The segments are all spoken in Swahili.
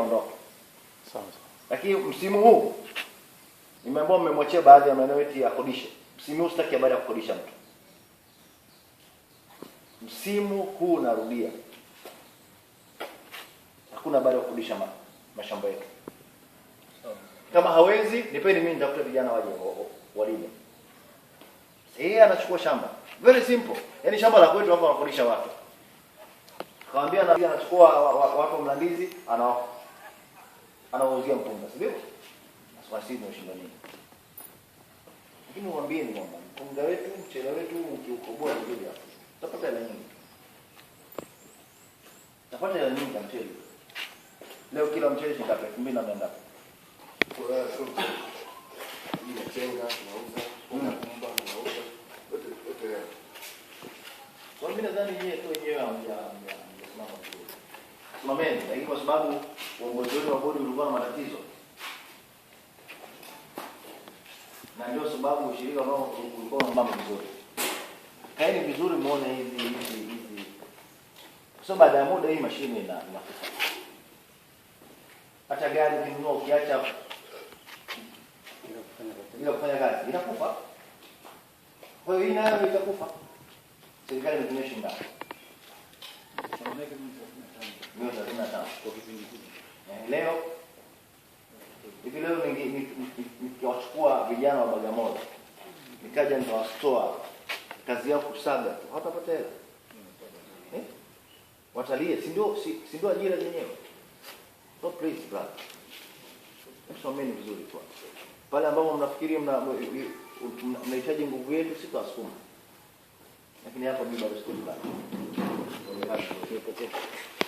ondoke. Lakini msimu huu nimeambiwa mmemwachia baadhi ya maeneo yetu ya kodisha. Msimu huu sitaki habari ya kukodisha mtu. Msimu huu narudia, hakuna habari ya kukodisha ma, mashamba yetu. Kama hawezi nipeni mimi, nitafuta vijana waje walime. Yeye anachukua shamba, very simple, yaani shamba la kwetu hapo, wanakodisha watu, kawambia anachukua watu wa Mlandizi, anawa anaoingia mpunga, si ndivyo? Aswasini ushindani. Lakini ni mwamba mpunga wetu, mchele wetu ukiukoboa vizuri hapo, tapata hela nyingi. tapata hela nyingi mchele. Leo kila mchele shilingi ngapi? 2000 na mia ngapi? Kwa mm. Kwa mimi nadhani yeye tu yeye hamjasimama vizuri. kwa sababu uongozi wetu wa bodi ulikuwa na matatizo, na ndio sababu ushirika ambao ulikuwa na mambo vizuri. Kaeni vizuri, muone hizi hizi hizi, kwa sababu baada ya muda hii mashine ina inakufa. Hata gari kinunua ukiacha bila kufanya kazi inakufa. Kwa hiyo hii nayo itakufa. Serikali imetumia shindano mia thelathini na tano kwa kipindi kipi? leo hivi leo nikiwachukua vijana wa Bagamoyo nikaja nitawastoa kazi yao kusaga tu, hawatapata hela eh? Watalie, si ndio? Si ndio ajira zenyewe? So please brother, msomeni vizuri kwa pale ambapo mnafikiri mnahitaji nguvu yetu, si tuwasukuma, lakini hapa mimi bado sikubali.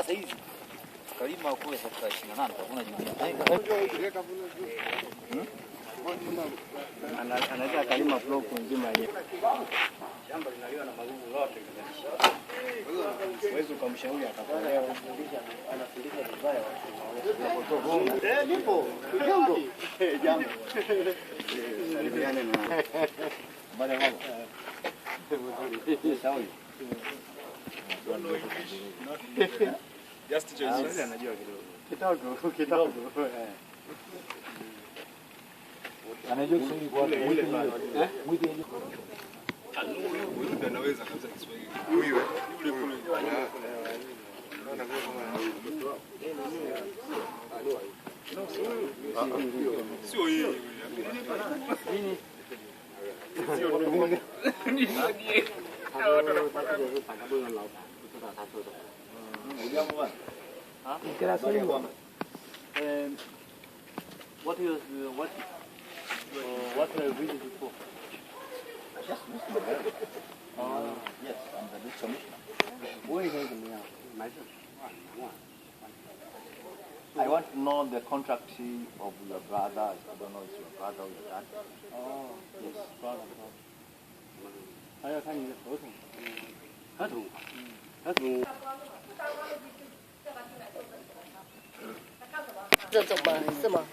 mpaka sasa hivi kalima kule hekta 28 hakuna jingine hmm? anaweza kalima block nzima yenyewe. Shamba linaliwa na magugu ukamshauri vibaya eh, jambo eh, na Najua kidogo kidogo kidogo, anajua Kiswahili kwa Mwiti anaweza kabisa Kiswahili, huyu yule kule sio yeye nini sio ndio? Ni nani? Hawa wanapata Marihuana. Um, what was uh, what uh, what are you visited for? Just Mr. Ah. Uh, yes, I'm the lead commissioner. Where is it now? I want to know the contract of your brother. I don't know if your brother or your dad. Oh, yes. Brother, brother. 还要看你的合同，合同，合同。Mm. 这怎么是吗？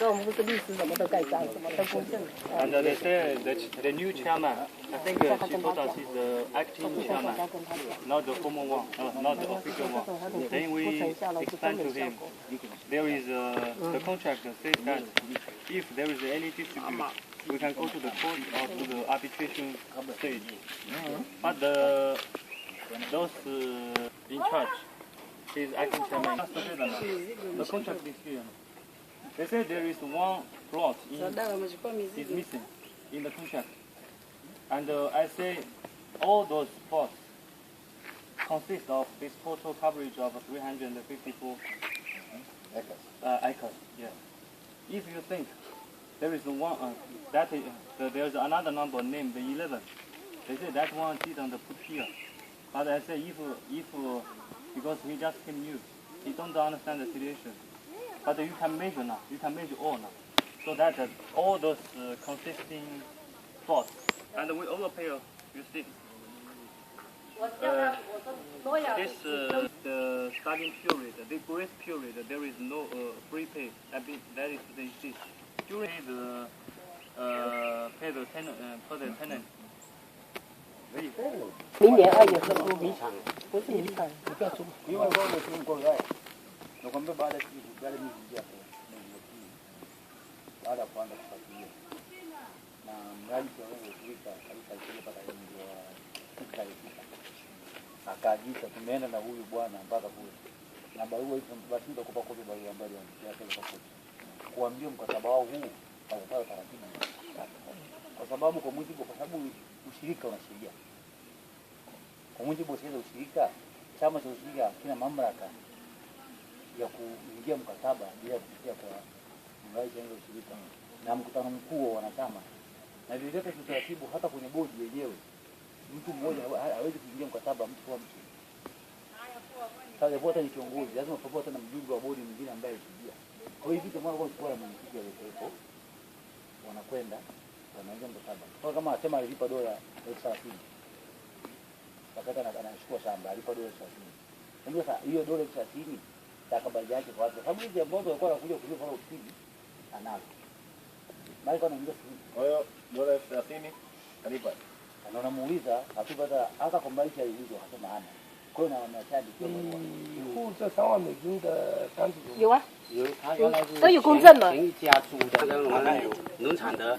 那我们公司律师什么都盖章，什么都公证。And the the new chairman, I think told us is the acting chairman, not the former one, not the official one. Then we explain to him, there is a, uh, the contract says that if there is any dispute. We can go to the court or to the arbitration stage. But the, those uh, in charge She's acting chairman. The contract is here. They say there is one plot is missing in the contract. And uh, I say all those plots consist of this total coverage of 354 acres. Uh, acres. Yeah. If you think there is one, uh, that is, uh, there is another number named 11. They say that one didn't put here. But I say if uh, if uh, because he just came new. He don't understand the situation. But you can measure now. You can measure all now. So that uh, all those uh, consisting force. And we overpay, you see. Uh, this uh, the starting period, the grace period, there is no uh, free pay. that is the exist. During the uh, pay the tenant, uh, for the tenant, 明年二月份吧。不是你看，你不要出。akaagiza tumeenda na huyu bwana mpaka kule na barua hizo basi nitakupa kopi barua ambayo yake kwa kopi kuambia mkataba wao huu kwa taratibu kwa sababu kwa mujibu kwa sababu ushirika una sheria kwa mujibu wa sheria za ushirika, chama cha ushirika kina mamlaka ya kuingia mkataba bila kupitia kwa mradi wa ushirika na mkutano mkuu wa wanachama, na vile vile kiutaratibu, hata kwenye bodi yenyewe mtu mmoja hawezi kuingia mkataba mtu kwa mtu. Sasa hata ni kiongozi lazima pamoja na mjumbe wa bodi mwingine ambaye alishuhudia. Kwa hiyo vitu mara kwa mara mwenyekiti alikuwepo, wanakwenda wanaingia mkataba. Kwa kama anasema alipa dola elfu thelathini wakati anachukua shamba alipa dola thelathini. Unajua sasa hiyo dola thelathini takabali yake kwa watu, sababu hizi ambazo walikuwa wanakuja kulipa pale ofisini anazo mali kwa naingia siku. Kwa hiyo dola thelathini alipa na unamuuliza akipata hata kombaisha hizo akasema hana. Kwa hiyo na wameachadikia barua. Huu hmm. sasa wamejiunga tangu. 有啊，有，他原来是前前一家租的那种农产的。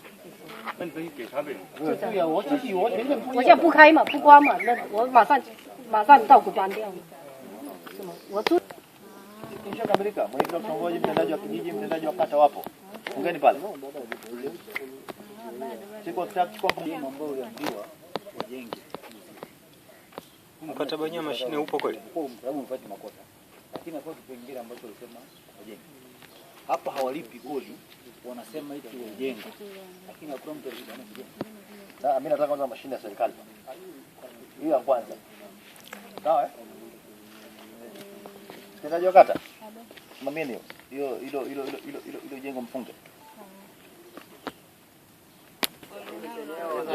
那你等于给他呗。对呀，我自己我全不。我现在不开嘛，不关嘛，那我马上马上稻谷端掉嘛，是吗？我做。Ukishakamilika mwenyekiti wa kitongoji, mtendaji wa kijiji, mtendaji wa kata wapo, ungeni pale. Siko tutachukua ambao uliambiwa wajenge. Mkataba wenyewe mashine upo kweli? Upo, sababu umepata makosa. Lakini hapo kipengele ambacho ulisema wajenge hapa hawalipi kodi, wanasema hiki wajenga, lakini hakuna mtu alipa. Sasa mimi nataka kwanza mashine ya serikali, hiyo ya kwanza. Sawa, eh, mtendaji wa kata, simamieni hiyo hilo hilo hilo hilo hilo jengo, mfunge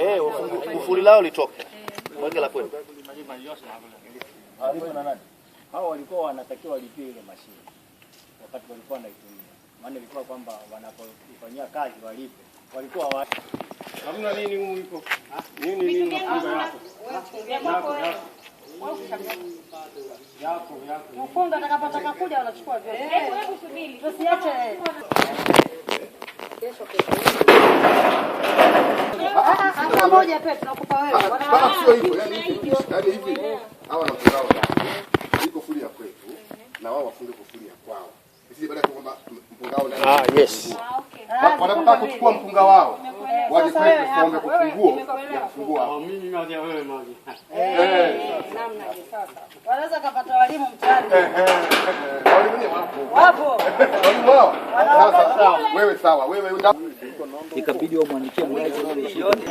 eh, kufuli lao litoke, weke la kwenu. Hao walikuwa wanatakiwa walipie ile mashine wakati walikuwa wanaitumia maana ilikuwa kwamba wanapofanyia kazi walipe, walikuwa wa hamna nini huko iko nini nini mfungo yako yako eh. yako yako mfungo atakapotaka kuja wanachukua vyote. Eh, Hebu subiri, tusiache kesho kesho moja pete nakupa wewe. Ah, ah, sio hivyo, yani hivi, yani hivi hawa na kuzao iko furia kwetu na wao wafunge kufuria kwao zile baada ya kwamba mpunga wao ah, yes. Wanapotaka kuchukua mpunga wao waje kwetu tuombe kufunguo ya kufungua. Waamini na wale wale maji. Eh. Namna hiyo sasa. Wanaweza kupata walimu mtaani. Walimu ni wapo. Wapo. Walimu wao. sawa, wewe sawa, wewe ikabidi wamwandikie mwenyewe ile shilingi.